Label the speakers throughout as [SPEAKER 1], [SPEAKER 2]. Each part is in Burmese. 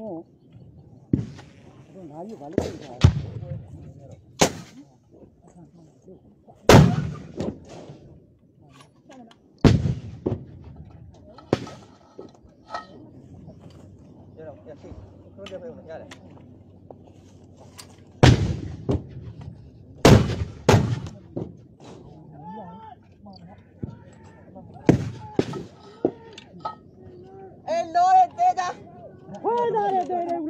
[SPEAKER 1] ဟုတ်တော့နားရဘာလို့ပြန်ထားလဲရတော့ပြည့်စုံတို့လည်းပဲရတယ်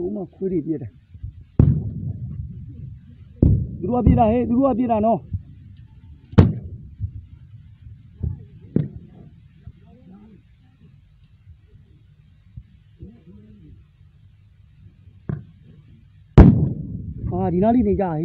[SPEAKER 2] ကိုမှခွေးတွေပြက်တာသူတို့ကပြက်တာဟဲ့သူတို့ကပြက်တာနော်
[SPEAKER 3] အာဒီနားလေးနေကြဟဲ့